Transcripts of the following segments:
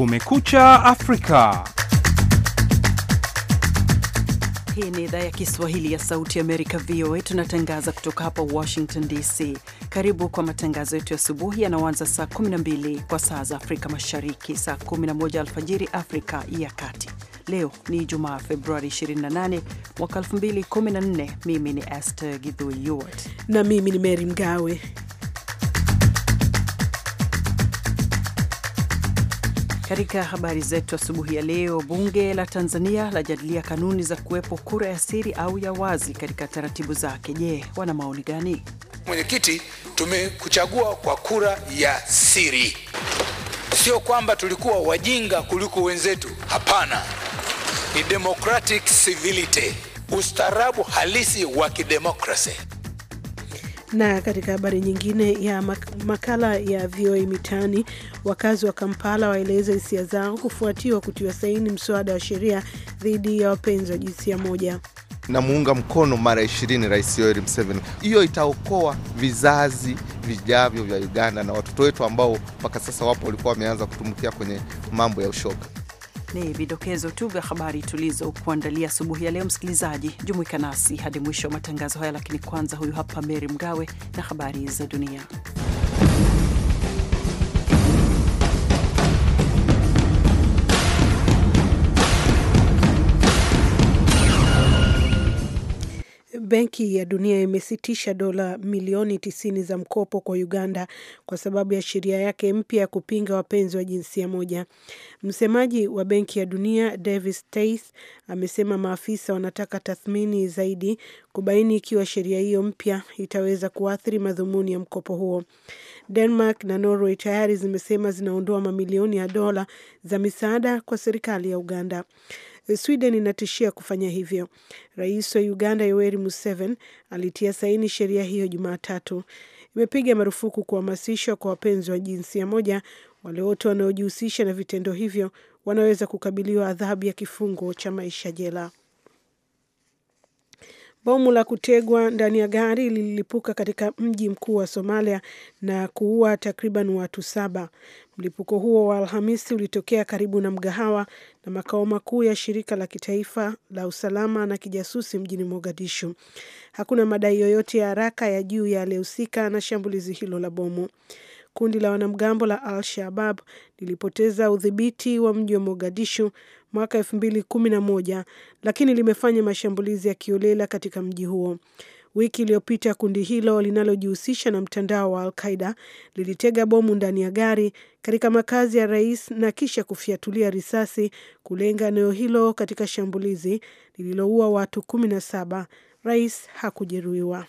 Kumekucha Afrika. Hii ni idhaa ya Kiswahili ya Sauti ya Amerika, VOA. Tunatangaza kutoka hapa Washington DC. Karibu kwa matangazo yetu ya asubuhi yanaoanza saa 12 kwa saa za Afrika Mashariki, saa 11 alfajiri Afrika ya Kati. Leo ni Ijumaa, Februari 28 mwaka 2014. Mimi ni Esther Githui na mimi ni Mary Mgawe Katika habari zetu asubuhi ya leo, bunge la Tanzania lajadilia kanuni za kuwepo kura ya siri au ya wazi katika taratibu zake. Je, wana maoni gani? Mwenyekiti, tumekuchagua kwa kura ya siri, sio kwamba tulikuwa wajinga kuliko wenzetu. Hapana, ni democratic civility, ustaarabu halisi wa kidemokrasi. Na katika habari nyingine ya makala ya VOA Mitaani, wakazi wa Kampala waeleza hisia zao kufuatiwa kutiwa saini mswada wa sheria dhidi ya wapenzi wa jinsia moja. Namuunga mkono mara ishirini Rais Yoweri Museveni. Hiyo itaokoa vizazi vijavyo vya Uganda na watoto wetu ambao mpaka sasa wapo walikuwa wameanza kutumbukia kwenye mambo ya ushoga ni vidokezo tu vya habari tulizokuandalia asubuhi ya leo. Msikilizaji, jumuika nasi hadi mwisho wa matangazo haya, lakini kwanza, huyu hapa Meri Mgawe na habari za dunia. Benki ya Dunia imesitisha dola milioni tisini za mkopo kwa Uganda kwa sababu ya sheria yake mpya ya kupinga wapenzi wa jinsia moja. Msemaji wa Benki ya Dunia Davis Tais amesema maafisa wanataka tathmini zaidi kubaini ikiwa sheria hiyo mpya itaweza kuathiri madhumuni ya mkopo huo. Denmark na Norway tayari zimesema zinaondoa mamilioni ya dola za misaada kwa serikali ya Uganda. Sweden inatishia kufanya hivyo. Rais wa Uganda Yoweri Museveni alitia saini sheria hiyo Jumatatu. Imepiga marufuku kuhamasishwa kwa wapenzi wa jinsia moja. Wale wote wanaojihusisha na vitendo hivyo wanaweza kukabiliwa adhabu ya kifungo cha maisha jela. Bomu la kutegwa ndani ya gari lililipuka katika mji mkuu wa Somalia na kuua takriban watu saba. Mlipuko huo wa Alhamisi ulitokea karibu na mgahawa na makao makuu ya shirika la kitaifa la usalama na kijasusi mjini Mogadishu. Hakuna madai yoyote ya haraka ya juu yaliyohusika na shambulizi hilo la bomu. Kundi la wanamgambo la al shabab lilipoteza udhibiti wa mji wa Mogadishu mwaka moja lakini limefanya mashambulizi ya kiolela katika mji huo. Wiki iliyopita kundi hilo linalojihusisha na mtandao wa alqaida lilitega bomu ndani ya gari katika makazi ya rais na kisha kufyatulia risasi kulenga eneo hilo katika shambulizi lililoua watu kumi na saba. Rais hakujeruhiwa.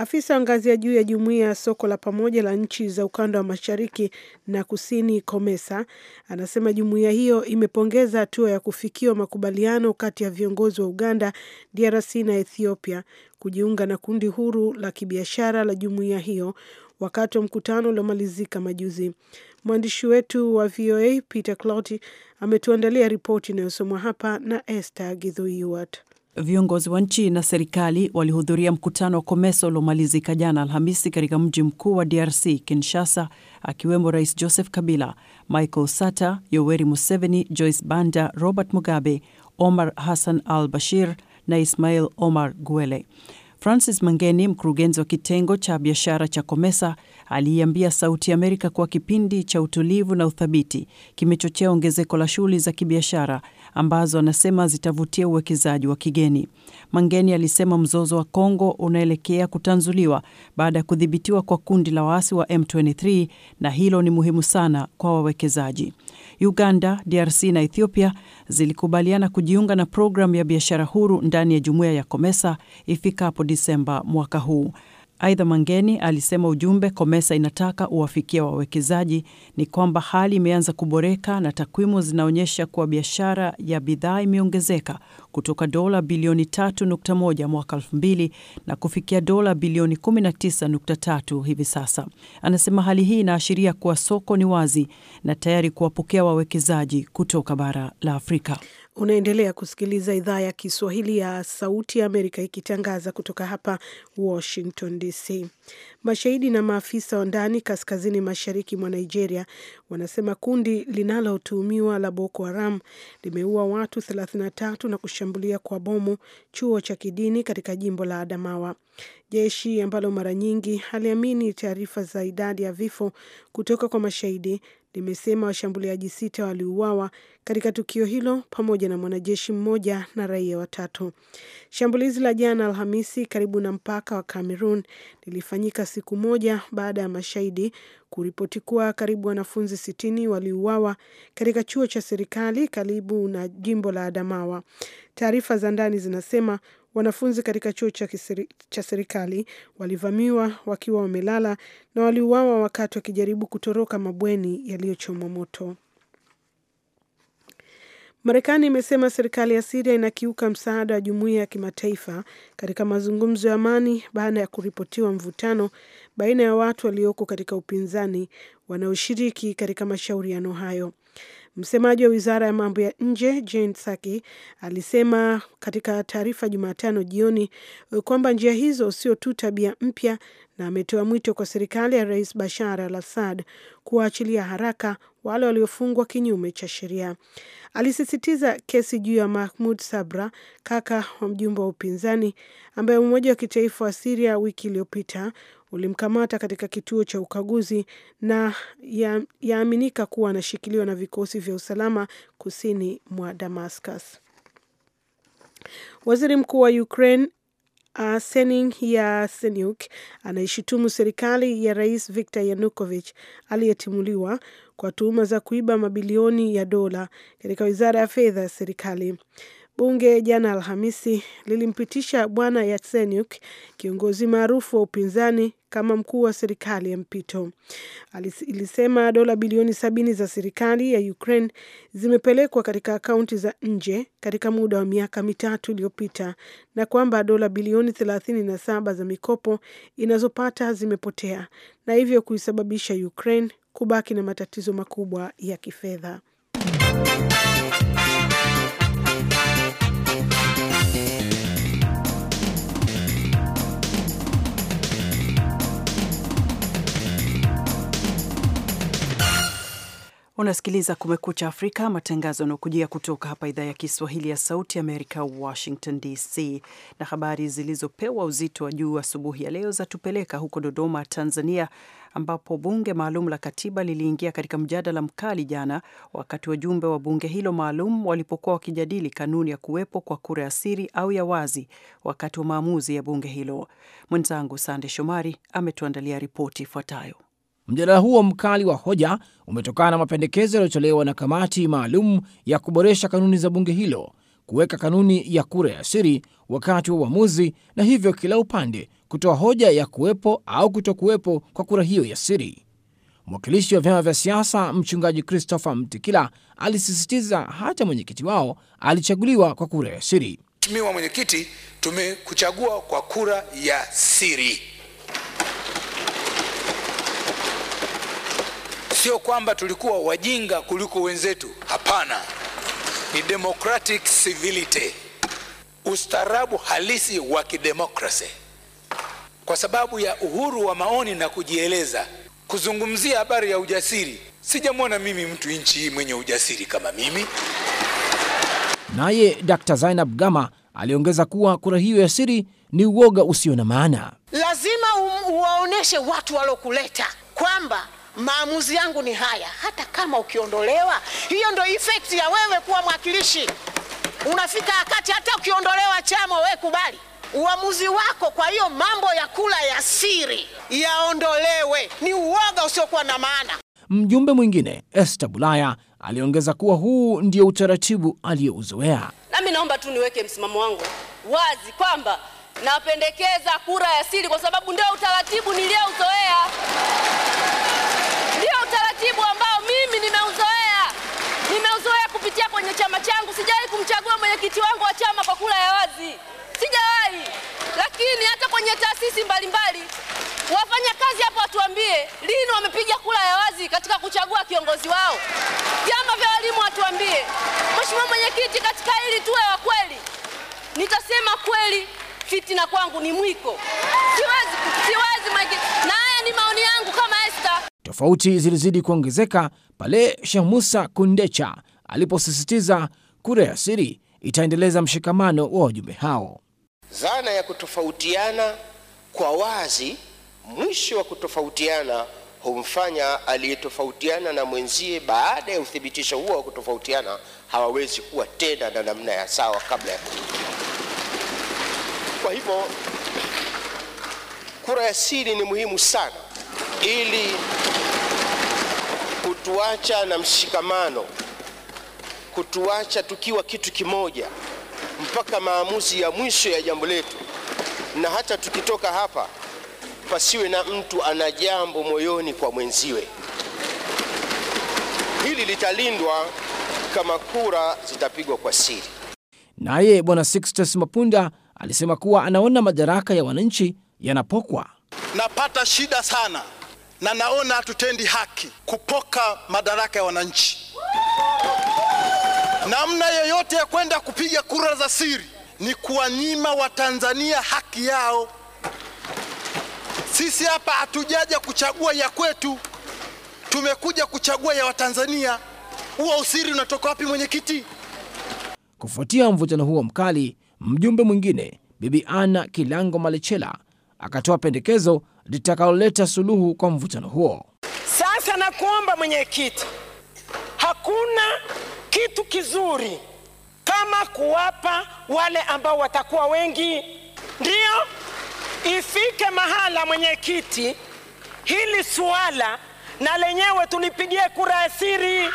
Afisa wa ngazi ya juu ya jumuiya ya soko la pamoja la nchi za ukanda wa mashariki na kusini COMESA anasema jumuiya hiyo imepongeza hatua ya kufikiwa makubaliano kati ya viongozi wa Uganda, DRC na Ethiopia kujiunga na kundi huru la kibiashara la jumuiya hiyo wakati wa mkutano uliomalizika majuzi. Mwandishi wetu wa VOA Peter Cloti ametuandalia ripoti inayosomwa hapa na Esther Githuiwat. Viongozi wa nchi na serikali walihudhuria mkutano wa COMESA uliomalizika jana Alhamisi katika mji mkuu wa DRC, Kinshasa, akiwemo Rais Joseph Kabila, Michael Sata, Yoweri Museveni, Joyce Banda, Robert Mugabe, Omar Hassan al Bashir na Ismail Omar Guele. Francis Mangeni, mkurugenzi wa kitengo cha biashara cha COMESA, aliiambia Sauti ya Amerika kuwa kipindi cha utulivu na uthabiti kimechochea ongezeko la shughuli za kibiashara ambazo anasema zitavutia uwekezaji wa kigeni. Mangeni alisema mzozo wa Kongo unaelekea kutanzuliwa baada ya kudhibitiwa kwa kundi la waasi wa M23 na hilo ni muhimu sana kwa wawekezaji. Uganda, DRC na Ethiopia zilikubaliana kujiunga na programu ya biashara huru ndani ya jumuiya ya Komesa ifikapo Disemba mwaka huu. Aidha, Mangeni alisema ujumbe COMESA inataka uwafikia wawekezaji ni kwamba hali imeanza kuboreka na takwimu zinaonyesha kuwa biashara ya bidhaa imeongezeka kutoka dola bilioni 3.1 mwaka 2000 na kufikia dola bilioni 19.3 hivi sasa. Anasema hali hii inaashiria kuwa soko ni wazi na tayari kuwapokea wawekezaji kutoka bara la Afrika. Unaendelea kusikiliza idhaa ya Kiswahili ya Sauti ya Amerika ikitangaza kutoka hapa Washington DC. Mashahidi na maafisa wa ndani kaskazini mashariki mwa Nigeria wanasema kundi linalotuhumiwa la Boko Haram limeua watu 33 na kushambulia kwa bomu chuo cha kidini katika jimbo la Adamawa. Jeshi ambalo mara nyingi haliamini taarifa za idadi ya vifo kutoka kwa mashahidi limesema washambuliaji sita waliuawa katika tukio hilo pamoja na mwanajeshi mmoja na raia watatu. Shambulizi la jana Alhamisi karibu na mpaka wa Cameroon lilifanyika siku moja baada ya mashahidi kuripoti kuwa karibu wanafunzi sitini waliuawa katika chuo cha serikali karibu na jimbo la Adamawa. Taarifa za ndani zinasema Wanafunzi katika chuo cha, serikali walivamiwa wakiwa wamelala na waliuawa wakati wakijaribu kutoroka mabweni yaliyochomwa moto. Marekani imesema serikali ya Siria inakiuka msaada wa jumuiya ya kimataifa katika mazungumzo ya amani baada ya kuripotiwa mvutano baina ya watu walioko katika upinzani wanaoshiriki katika mashauriano hayo. Msemaji wa wizara ya mambo ya nje Jane Saki alisema katika taarifa Jumatano jioni eh, kwamba njia hizo sio tu tabia mpya, na ametoa mwito kwa serikali ya Rais Bashar al Assad kuwaachilia haraka wale waliofungwa kinyume cha sheria. Alisisitiza kesi juu ya Mahmud Sabra, kaka wa mjumbe wa upinzani ambaye Umoja wa Kitaifa wa Siria wiki iliyopita ulimkamata katika kituo cha ukaguzi na yaaminika ya kuwa anashikiliwa na vikosi vya usalama kusini mwa Damascus. Waziri Mkuu wa Ukraine ya Yatsenyuk anaishutumu serikali ya Rais Viktor yanukovich aliyetimuliwa kwa tuhuma za kuiba mabilioni ya dola katika wizara ya fedha ya serikali. Bunge jana Alhamisi lilimpitisha bwana Yatsenyuk, kiongozi maarufu wa upinzani, kama mkuu wa serikali ya mpito. Ilisema dola bilioni sabini za serikali ya Ukraine zimepelekwa katika akaunti za nje katika muda wa miaka mitatu iliyopita na kwamba dola bilioni thelathini na saba za mikopo inazopata zimepotea na hivyo kuisababisha Ukraine kubaki na matatizo makubwa ya kifedha. Unasikiliza Kumekucha Afrika, matangazo yanaokujia kutoka hapa idhaa ya Kiswahili ya Sauti Amerika, Washington DC. Na habari zilizopewa uzito wa juu asubuhi ya leo zatupeleka huko Dodoma, Tanzania, ambapo bunge maalum la katiba liliingia katika mjadala mkali jana, wakati wajumbe wa bunge hilo maalum walipokuwa wakijadili kanuni ya kuwepo kwa kura ya siri au ya wazi wakati wa maamuzi ya bunge hilo. Mwenzangu Sande Shomari ametuandalia ripoti ifuatayo. Mjadala huo mkali wa hoja umetokana na mapendekezo yaliyotolewa na kamati maalum ya kuboresha kanuni za bunge hilo kuweka kanuni ya kura ya siri wakati wa uamuzi, na hivyo kila upande kutoa hoja ya kuwepo au kutokuwepo kwa kura hiyo ya siri. Mwakilishi wa vyama vya siasa mchungaji Christopher Mtikila alisisitiza hata mwenyekiti wao alichaguliwa kwa kura ya siri. Mheshimiwa Mwenyekiti, tumekuchagua kwa kura ya siri. sio kwamba tulikuwa wajinga kuliko wenzetu. Hapana, ni democratic civility, ustaarabu halisi wa kidemokrasi, kwa sababu ya uhuru wa maoni na kujieleza. Kuzungumzia habari ya ujasiri, sijamwona mimi mtu nchi hii mwenye ujasiri kama mimi. Naye Dr. Zainab Gama aliongeza kuwa kura hiyo ya siri ni uoga usio na maana. Lazima uwaoneshe watu walokuleta kwamba maamuzi yangu ni haya, hata kama ukiondolewa. Hiyo ndo effect ya wewe kuwa mwakilishi. Unafika wakati hata ukiondolewa chama, wewe kubali uamuzi wako. Kwa hiyo mambo ya kula ya siri yaondolewe, ni uoga usiokuwa na maana. Mjumbe mwingine Esther Bulaya aliongeza kuwa huu ndio utaratibu aliyouzoea. Nami naomba tu niweke msimamo wangu wazi kwamba napendekeza kura ya siri kwa sababu ndio utaratibu niliyouzoea wajibu ambao mimi nimeuzoea, nimeuzoea kupitia kwenye chama changu. Sijawahi kumchagua mwenyekiti wangu wa chama kwa kula ya wazi, sijawahi. Lakini hata kwenye taasisi mbalimbali wafanya kazi hapo watuambie lini wamepiga kula ya wazi katika kuchagua kiongozi wao. Vyama vya walimu watuambie. Mheshimiwa Mwenyekiti, katika hili tuwe wa kweli. Nitasema kweli, fitina kwangu ni mwiko, siwezi siwezi. Na haya ni maoni yangu kama Esther, Tofauti zilizidi kuongezeka pale Sheikh Musa Kundecha aliposisitiza kura ya siri itaendeleza mshikamano wa wajumbe hao. Dhana ya kutofautiana kwa wazi, mwisho wa kutofautiana humfanya aliyetofautiana na mwenzie, baada ya uthibitisho huo wa kutofautiana, hawawezi kuwa tena na namna ya sawa kabla ya Kwa hivyo kura ya siri ni muhimu sana ili kutuacha na mshikamano, kutuacha tukiwa kitu kimoja mpaka maamuzi ya mwisho ya jambo letu, na hata tukitoka hapa pasiwe na mtu ana jambo moyoni kwa mwenziwe. Hili litalindwa kama kura zitapigwa kwa siri. Naye Bwana Sixtus Mapunda alisema kuwa anaona madaraka ya wananchi yanapokwa. Napata shida sana na naona hatutendi haki kupoka madaraka ya wananchi. Namna yoyote ya kwenda kupiga kura za siri ni kuwanyima Watanzania haki yao. Sisi hapa hatujaja kuchagua ya kwetu, tumekuja kuchagua ya Watanzania. Huo usiri unatoka wapi, mwenyekiti? Kufuatia mvutano huo mkali, mjumbe mwingine Bibi Ana Kilango Malechela akatoa pendekezo litakaloleta suluhu kwa mvutano huo. Sasa nakuomba mwenyekiti, hakuna kitu kizuri kama kuwapa wale ambao watakuwa wengi. Ndiyo ifike mahala mwenyekiti, hili suala na lenyewe tulipigie kura ya siri.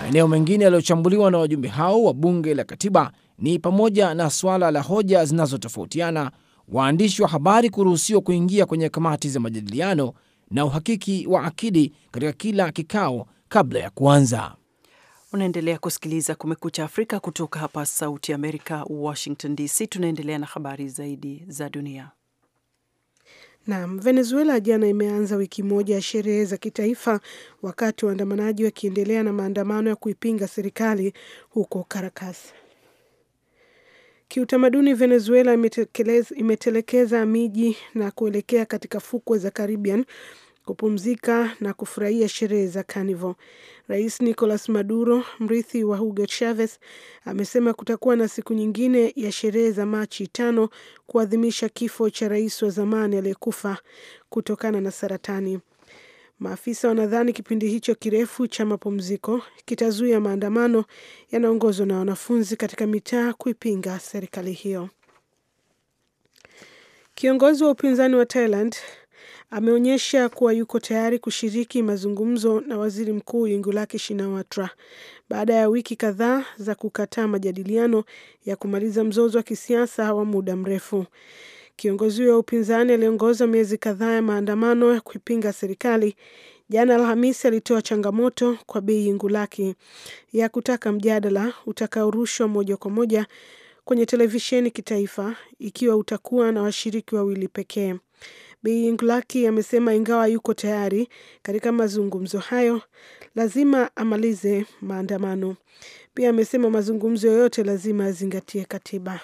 Maeneo mengine yaliyochambuliwa na wajumbe hao wa bunge la katiba ni pamoja na swala la hoja zinazotofautiana waandishi wa habari kuruhusiwa kuingia kwenye kamati za majadiliano na uhakiki wa akidi katika kila kikao kabla ya kuanza. Unaendelea kusikiliza Kumekucha Afrika kutoka hapa Sauti Amerika, Washington DC. Tunaendelea na habari zaidi za dunia. Naam, Venezuela jana imeanza wiki moja ya sherehe za kitaifa, wakati waandamanaji wakiendelea na maandamano ya kuipinga serikali huko Caracas. Kiutamaduni, Venezuela imetelekeza miji na kuelekea katika fukwe za Caribbean kupumzika na kufurahia sherehe za Carnival. Rais Nicolas Maduro, mrithi wa Hugo Chavez, amesema kutakuwa na siku nyingine ya sherehe za Machi tano kuadhimisha kifo cha rais wa zamani aliyekufa kutokana na saratani. Maafisa wanadhani kipindi hicho kirefu cha mapumziko kitazuia maandamano yanaongozwa na wanafunzi katika mitaa kuipinga serikali hiyo. Kiongozi wa upinzani wa Thailand ameonyesha kuwa yuko tayari kushiriki mazungumzo na waziri mkuu Yingluck Shinawatra baada ya wiki kadhaa za kukataa majadiliano ya kumaliza mzozo wa kisiasa wa muda mrefu. Kiongozi wa upinzani aliongoza miezi kadhaa ya maandamano ya kuipinga serikali. Jana Alhamisi alitoa changamoto kwa Bei Ngulaki ya kutaka mjadala utakaorushwa moja kwa moja kwenye televisheni kitaifa ikiwa utakuwa na washiriki wawili pekee. Bei Ngulaki amesema ingawa yuko tayari katika mazungumzo hayo, lazima amalize maandamano. Pia amesema mazungumzo yoyote lazima yazingatie katiba.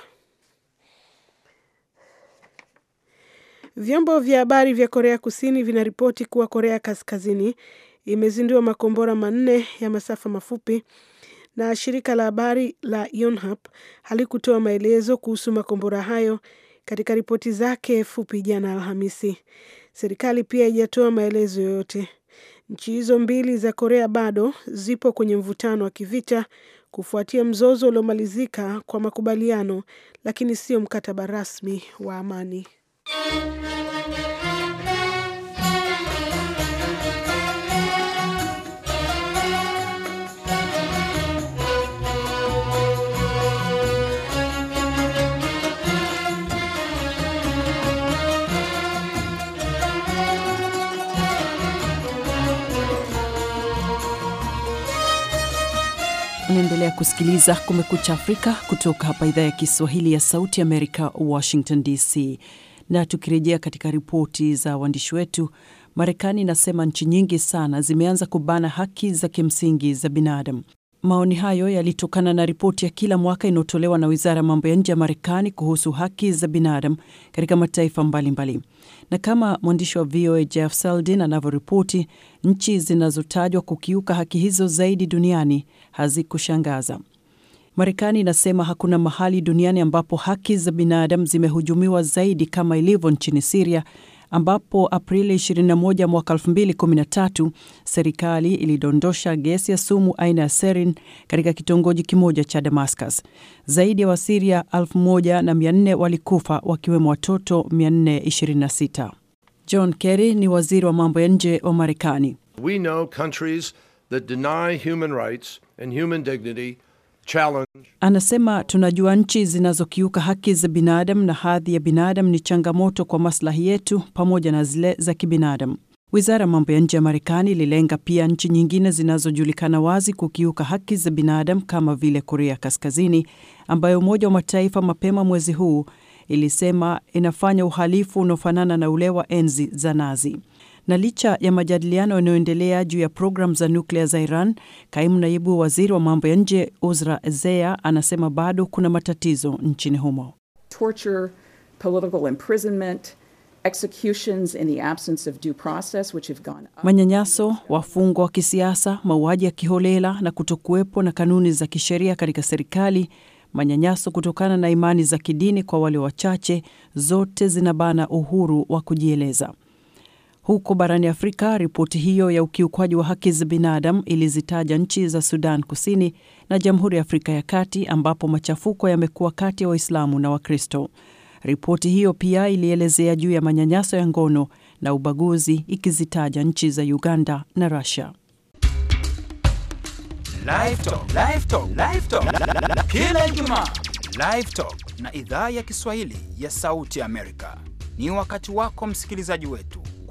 Vyombo vya habari vya Korea Kusini vinaripoti kuwa Korea Kaskazini imezindua makombora manne ya masafa mafupi na shirika la habari la Yonhap halikutoa maelezo kuhusu makombora hayo katika ripoti zake fupi jana Alhamisi. Serikali pia haijatoa maelezo yoyote. Nchi hizo mbili za Korea bado zipo kwenye mvutano wa kivita kufuatia mzozo uliomalizika kwa makubaliano, lakini sio mkataba rasmi wa amani. Unaendelea kusikiliza Kumekucha Afrika kutoka hapa idhaa ya Kiswahili ya Sauti Amerika, Washington DC. Na tukirejea katika ripoti za waandishi wetu, Marekani inasema nchi nyingi sana zimeanza kubana haki za kimsingi za binadamu. Maoni hayo yalitokana na ripoti ya kila mwaka inayotolewa na wizara ya mambo ya nje ya Marekani kuhusu haki za binadamu katika mataifa mbalimbali mbali. Na kama mwandishi wa VOA Jeff Seldin anavyoripoti, nchi zinazotajwa kukiuka haki hizo zaidi duniani hazikushangaza. Marekani inasema hakuna mahali duniani ambapo haki za binadamu zimehujumiwa zaidi kama ilivyo nchini Siria ambapo Aprili 21 mwaka 2013 serikali ilidondosha gesi ya sumu aina ya sarin katika kitongoji kimoja cha Damascus. Zaidi ya Wasiria 1400 walikufa wakiwemo watoto 426. John Kerry ni waziri wa mambo ya nje wa Marekani. We know countries that deny human rights and human dignity Anasema tunajua nchi zinazokiuka haki za binadamu na hadhi ya binadamu ni changamoto kwa maslahi yetu pamoja na zile za kibinadamu. Wizara ya mambo ya nje ya Marekani ililenga pia nchi nyingine zinazojulikana wazi kukiuka haki za binadamu kama vile Korea Kaskazini, ambayo Umoja wa Mataifa mapema mwezi huu ilisema inafanya uhalifu unaofanana na ule wa enzi za Nazi. Na licha ya majadiliano yanayoendelea juu ya programu za nyuklia za Iran, kaimu naibu waziri wa mambo ya nje Uzra zea anasema bado kuna matatizo nchini humo. Torture, political imprisonment manyanyaso, wafungwa wa kisiasa, mauaji ya kiholela na kutokuwepo na kanuni za kisheria katika serikali, manyanyaso kutokana na imani za kidini kwa wale wachache, zote zinabana uhuru wa kujieleza. Huko barani Afrika, ripoti hiyo ya ukiukwaji wa haki za binadamu ilizitaja nchi za Sudan Kusini na Jamhuri ya Afrika ya Kati ambapo machafuko yamekuwa kati ya Waislamu na Wakristo. Ripoti hiyo pia ilielezea juu ya manyanyaso ya ngono na ubaguzi ikizitaja nchi za Uganda na Rusia. Kila Ijumaa na idhaa ya Kiswahili ya Sauti Amerika ni wakati wako msikilizaji wetu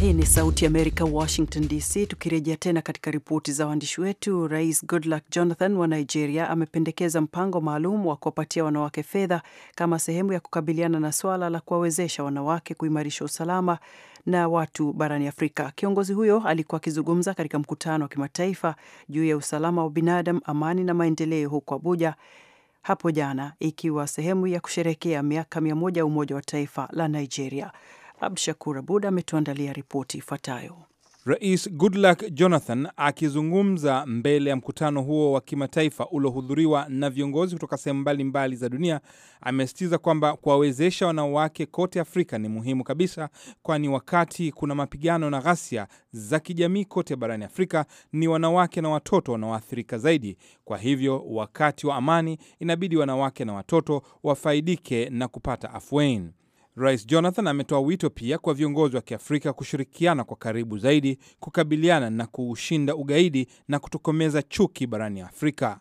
Hii ni Sauti Amerika, Washington DC. Tukirejea tena katika ripoti za waandishi wetu, Rais Goodluck Jonathan wa Nigeria amependekeza mpango maalum wa kuwapatia wanawake fedha kama sehemu ya kukabiliana na swala la kuwawezesha wanawake kuimarisha usalama na watu barani Afrika. Kiongozi huyo alikuwa akizungumza katika mkutano wa kimataifa juu ya usalama wa binadamu, amani na maendeleo huko Abuja hapo jana, ikiwa sehemu ya kusherekea miaka mia moja ya Umoja wa Taifa la Nigeria. Abshakur Abud ametuandalia ripoti ifuatayo. Rais Goodluck Jonathan akizungumza mbele ya mkutano huo wa kimataifa uliohudhuriwa na viongozi kutoka sehemu mbalimbali za dunia amesisitiza kwamba kuwawezesha wanawake kote Afrika ni muhimu kabisa, kwani wakati kuna mapigano na ghasia za kijamii kote barani Afrika, ni wanawake na watoto wanaoathirika zaidi. Kwa hivyo, wakati wa amani inabidi wanawake na watoto wafaidike na kupata afueni. Rais Jonathan ametoa wito pia kwa viongozi wa Kiafrika kushirikiana kwa karibu zaidi kukabiliana na kuushinda ugaidi na kutokomeza chuki barani Afrika.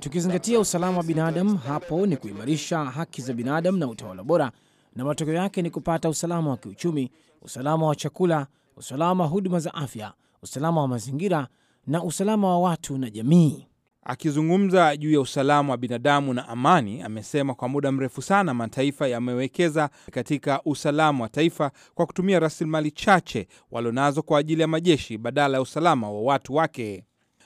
tukizingatia usalama wa binadamu, hapo ni kuimarisha haki za binadamu na utawala bora, na matokeo yake ni kupata usalama wa kiuchumi, usalama wa chakula, usalama wa huduma za afya, usalama wa mazingira na usalama wa watu na jamii. Akizungumza juu ya usalama wa binadamu na amani, amesema kwa muda mrefu sana mataifa yamewekeza katika usalama wa taifa kwa kutumia rasilimali chache walionazo kwa ajili ya majeshi badala ya usalama wa watu wake.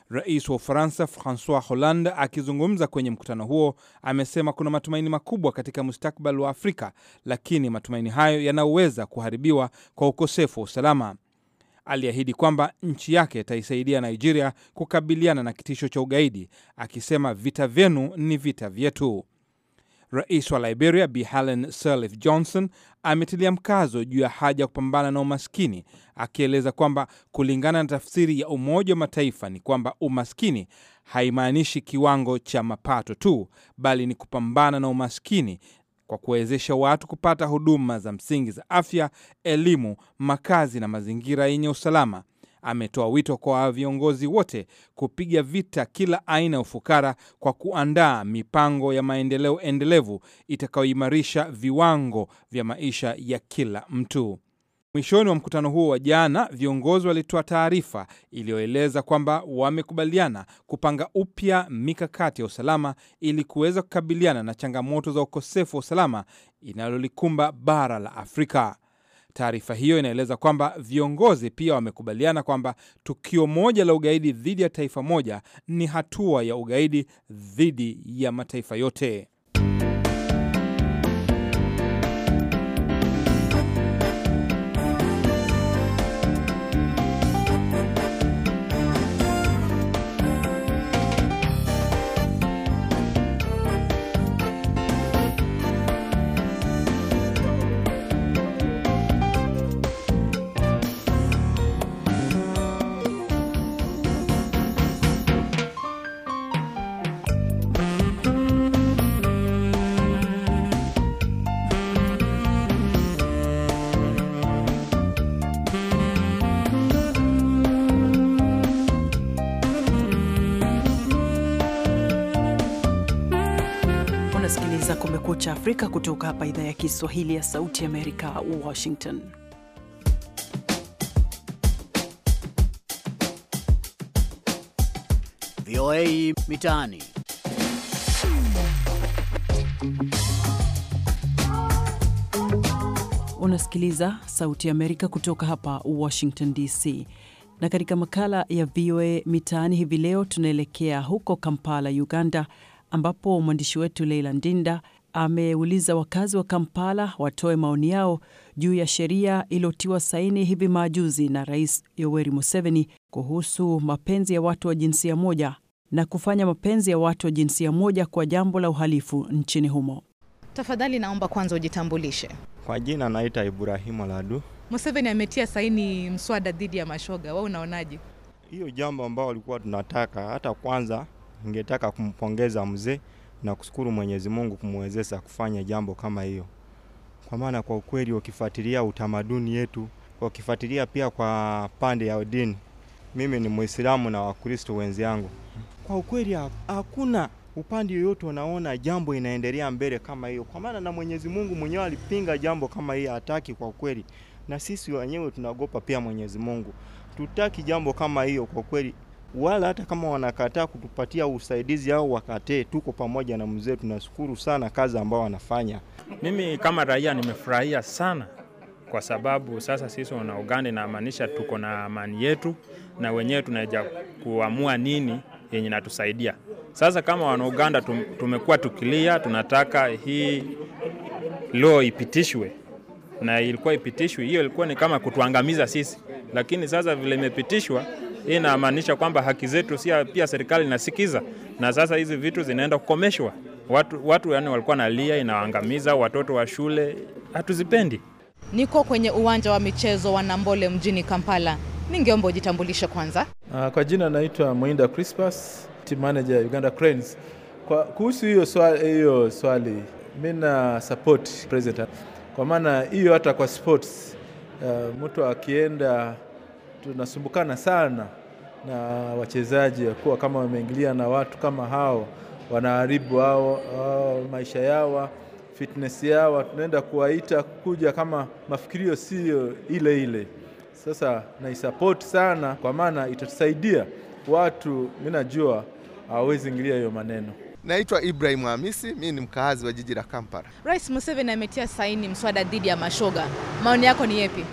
Rais wa Ufaransa Francois Hollande akizungumza kwenye mkutano huo amesema kuna matumaini makubwa katika mustakbal wa Afrika, lakini matumaini hayo yanaweza kuharibiwa kwa ukosefu wa usalama aliahidi kwamba nchi yake itaisaidia Nigeria kukabiliana na kitisho cha ugaidi, akisema vita vyenu ni vita vyetu. Rais wa Liberia Bi Helen Sirleaf Johnson ametilia mkazo juu ya haja ya kupambana na umaskini, akieleza kwamba kulingana na tafsiri ya Umoja wa Mataifa ni kwamba umaskini haimaanishi kiwango cha mapato tu, bali ni kupambana na umaskini kwa kuwezesha watu kupata huduma za msingi za afya, elimu, makazi na mazingira yenye usalama. Ametoa wito kwa viongozi wote kupiga vita kila aina ya ufukara kwa kuandaa mipango ya maendeleo endelevu itakayoimarisha viwango vya maisha ya kila mtu. Mwishoni wa mkutano huo wa jana, viongozi walitoa taarifa iliyoeleza kwamba wamekubaliana kupanga upya mikakati ya usalama ili kuweza kukabiliana na changamoto za ukosefu wa usalama inalolikumba bara la Afrika. Taarifa hiyo inaeleza kwamba viongozi pia wamekubaliana kwamba tukio moja la ugaidi dhidi ya taifa moja ni hatua ya ugaidi dhidi ya mataifa yote. Afrika kutoka hapa idhaa ya Kiswahili ya Sauti Amerika, Washington. VOA Mitaani. Unasikiliza Sauti Amerika kutoka hapa Washington DC, na katika makala ya VOA Mitaani hivi leo tunaelekea huko Kampala, Uganda, ambapo mwandishi wetu Leila Ndinda ameuliza wakazi wa Kampala watoe maoni yao juu ya sheria iliyotiwa saini hivi majuzi na Rais Yoweri Museveni kuhusu mapenzi ya watu wa jinsia moja na kufanya mapenzi ya watu wa jinsia moja kwa jambo la uhalifu nchini humo. Tafadhali naomba kwanza ujitambulishe. Kwa jina naita Ibrahimu Ladu. Museveni ametia saini mswada dhidi ya mashoga, wewe unaonaje hiyo jambo ambao walikuwa tunataka? Hata kwanza ningetaka kumpongeza mzee na kushukuru Mwenyezi Mungu kumwezesha kufanya jambo kama hiyo, kwa maana kwa ukweli ukifuatilia utamaduni yetu, ukifuatilia pia kwa pande ya dini, mimi ni Muislamu na Wakristo wenzangu, kwa ukweli hakuna upande yoyote unaona jambo inaendelea mbele kama hiyo, kwa maana na Mwenyezi Mungu mwenyewe alipinga jambo kama hiyo, hataki kwa ukweli, na sisi wenyewe tunaogopa pia Mwenyezi Mungu, tutaki jambo kama hiyo kwa kweli wala hata kama wanakataa kutupatia usaidizi au wakatee, tuko pamoja na mzee. Tunashukuru sana kazi ambao wanafanya. Mimi kama raia nimefurahia sana kwa sababu sasa sisi wana Uganda inamaanisha tuko na amani yetu na wenyewe tunaweza kuamua nini yenye natusaidia. Sasa kama wana Uganda tumekuwa tukilia, tunataka hii law ipitishwe na ilikuwa ipitishwe, hiyo ilikuwa ni kama kutuangamiza sisi, lakini sasa vile imepitishwa hii inamaanisha kwamba haki zetu si pia serikali inasikiza, na sasa hizi vitu zinaenda kukomeshwa. Watu, watu yani walikuwa nalia, inawaangamiza watoto wa shule, hatuzipendi. Niko kwenye uwanja wa michezo wa Nambole mjini Kampala. Ningeomba ujitambulishe kwanza. Ah, kwa jina naitwa Mwinda Crispas, team manager Uganda Cranes. Kwa kuhusu hiyo swali, hiyo swali mi na support president, kwa maana hiyo hata kwa sports uh, mtu akienda tunasumbukana sana na wachezaji kuwa kama wameingilia na watu kama hao wanaharibu hao, hao maisha yao fitness yao, tunaenda kuwaita kuja kama mafikirio sio ile ile. Sasa naisapoti sana, kwa maana itatusaidia watu. Mi najua hawezi ingilia hiyo maneno. Naitwa Ibrahim Hamisi, mi ni mkaazi wa jiji la Kampala. Rais Museveni ametia saini mswada dhidi ya mashoga, maoni yako ni yepi?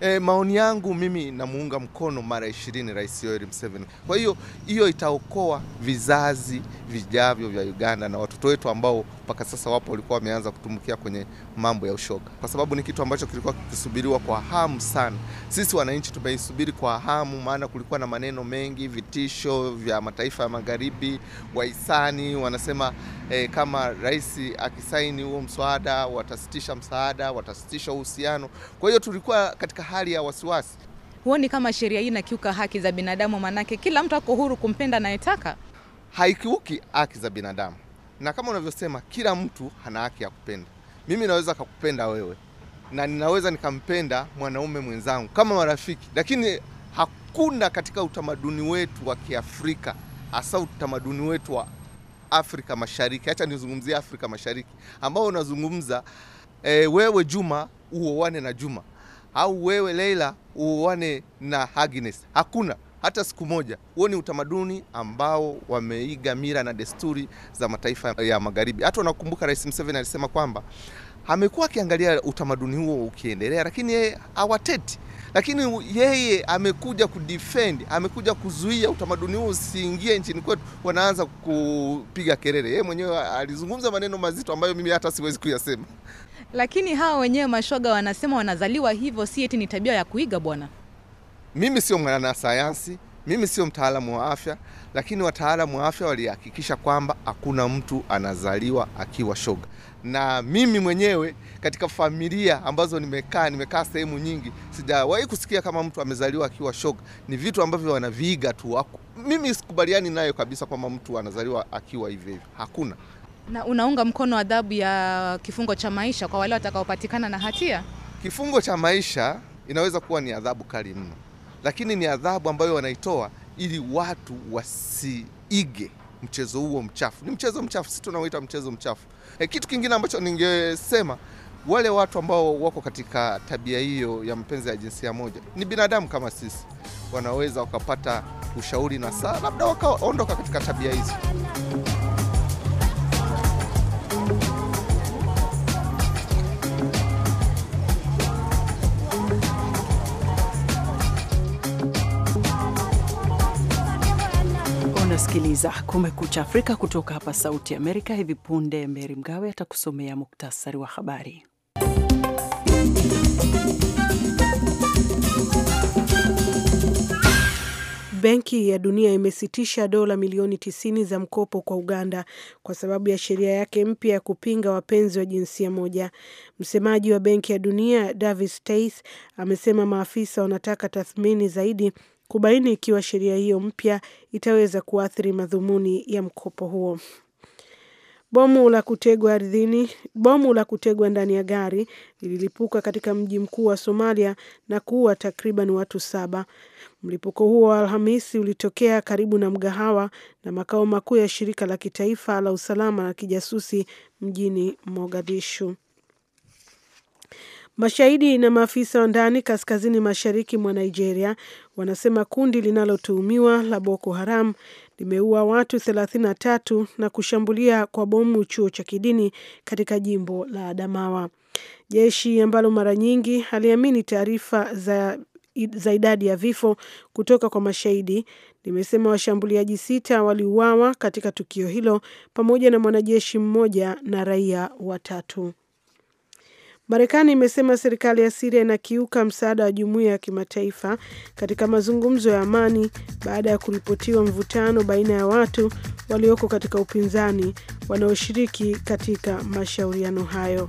E, maoni yangu mimi namuunga mkono mara ishirini Rais Yoweri Museveni. Kwa hiyo hiyo itaokoa vizazi vijavyo vya Uganda na watoto wetu ambao mpaka sasa wapo walikuwa wameanza kutumbukia kwenye mambo ya ushoga, kwa sababu ni kitu ambacho kilikuwa kikisubiriwa kwa hamu sana. Sisi wananchi tumeisubiri kwa hamu, maana kulikuwa na maneno mengi, vitisho vya mataifa ya magharibi, wahisani wanasema e, kama rais akisaini huo mswada watasitisha msaada, watasitisha uhusiano. Kwa hiyo tulikuwa katika hali ya wasiwasi. Huoni kama sheria hii inakiuka haki za binadamu? Manake kila mtu ako huru kumpenda anayetaka, haikiuki haki za binadamu. Na kama unavyosema, kila mtu ana haki ya kupenda. Mimi naweza kakupenda wewe na ninaweza nikampenda mwanaume mwenzangu kama marafiki, lakini hakuna katika utamaduni wetu wa Kiafrika, hasa utamaduni wetu wa Afrika Mashariki, acha nizungumzie Afrika Mashariki, ambao unazungumza e, wewe Juma uoane na Juma au wewe Leila uoane na Agnes. Hakuna hata siku moja. Huo ni utamaduni ambao wameiga mira na desturi za mataifa ya Magharibi. Hata unakumbuka Rais Museveni alisema kwamba amekuwa akiangalia utamaduni huo ukiendelea, lakini yeye awateti lakini yeye amekuja kudefend, amekuja kuzuia utamaduni huo usiingie nchini kwetu. Wanaanza kupiga kelele. Yeye mwenyewe alizungumza maneno mazito ambayo mimi hata siwezi kuyasema, lakini hawa wenyewe mashoga wanasema wanazaliwa hivyo, si eti ni tabia ya kuiga bwana. Mimi sio mwanasayansi sayansi, mimi sio mtaalamu wa afya, lakini wataalamu wa afya walihakikisha kwamba hakuna mtu anazaliwa akiwa shoga. Na mimi mwenyewe katika familia ambazo nimekaa, nimekaa sehemu nyingi, sijawahi kusikia kama mtu amezaliwa akiwa shoga. Ni vitu ambavyo wanaviiga tu wako. Mimi sikubaliani nayo kabisa kwamba mtu anazaliwa akiwa hivyo hivyo, hakuna. Na unaunga mkono adhabu ya kifungo cha maisha kwa wale watakaopatikana na hatia? Kifungo cha maisha inaweza kuwa ni adhabu kali mno, lakini ni adhabu ambayo wanaitoa ili watu wasiige mchezo huo mchafu. Ni mchezo mchafu, si tunaoita mchezo mchafu. E, kitu kingine ambacho ningesema wale watu ambao wako katika tabia hiyo ya mapenzi ya jinsia moja ni binadamu kama sisi, wanaweza wakapata ushauri na saa labda wakaondoka katika tabia hizo unasikiliza Kumekucha Afrika kutoka hapa Sauti Amerika. Hivi punde Meri Mgawe atakusomea muktasari wa habari. Benki ya Dunia imesitisha dola milioni tisini za mkopo kwa Uganda kwa sababu ya sheria yake mpya ya kupinga wapenzi wa jinsia moja. Msemaji wa Benki ya Dunia Davis Tais amesema maafisa wanataka tathmini zaidi kubaini ikiwa sheria hiyo mpya itaweza kuathiri madhumuni ya mkopo huo. Bomu la kutegwa ardhini, bomu la kutegwa ndani ya gari lililipuka katika mji mkuu wa Somalia na kuua takriban watu saba. Mlipuko huo wa Alhamisi ulitokea karibu na mgahawa na makao makuu ya shirika la kitaifa la usalama la kijasusi mjini Mogadishu. Mashahidi na maafisa wa ndani kaskazini mashariki mwa Nigeria wanasema kundi linalotuhumiwa la Boko Haram limeua watu 33 na kushambulia kwa bomu chuo cha kidini katika jimbo la Adamawa. Jeshi ambalo mara nyingi haliamini taarifa za za idadi ya vifo kutoka kwa mashahidi limesema washambuliaji sita waliuawa katika tukio hilo pamoja na mwanajeshi mmoja na raia watatu. Marekani imesema serikali ya Siria inakiuka msaada wa jumuiya ya kimataifa katika mazungumzo ya amani baada ya kuripotiwa mvutano baina ya watu walioko katika upinzani wanaoshiriki katika mashauriano hayo.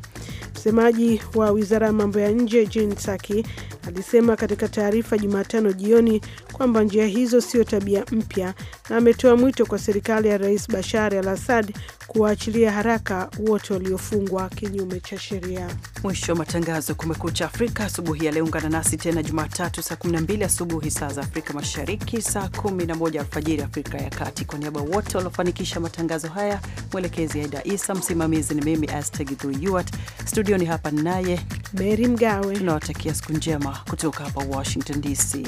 Msemaji wa wizara ya mambo ya nje Jen Psaki alisema katika taarifa Jumatano jioni kwamba njia hizo sio tabia mpya na ametoa mwito kwa serikali ya Rais Bashar al Assad kuwaachilia haraka wote waliofungwa kinyume cha sheria. Mwisho wa matangazo Kumekucha Afrika asubuhi ya leo. Ungana nasi tena Jumatatu saa 12 asubuhi saa za Afrika Mashariki, saa 11 alfajiri Afrika ya Kati. Kwa niaba wote waliofanikisha matangazo haya, mwelekezi Aida Isa, msimamizi ni mimi Astegidhyuat, studioni hapa naye Meri Mgawe. Tunawatakia siku njema kutoka hapa Washington DC.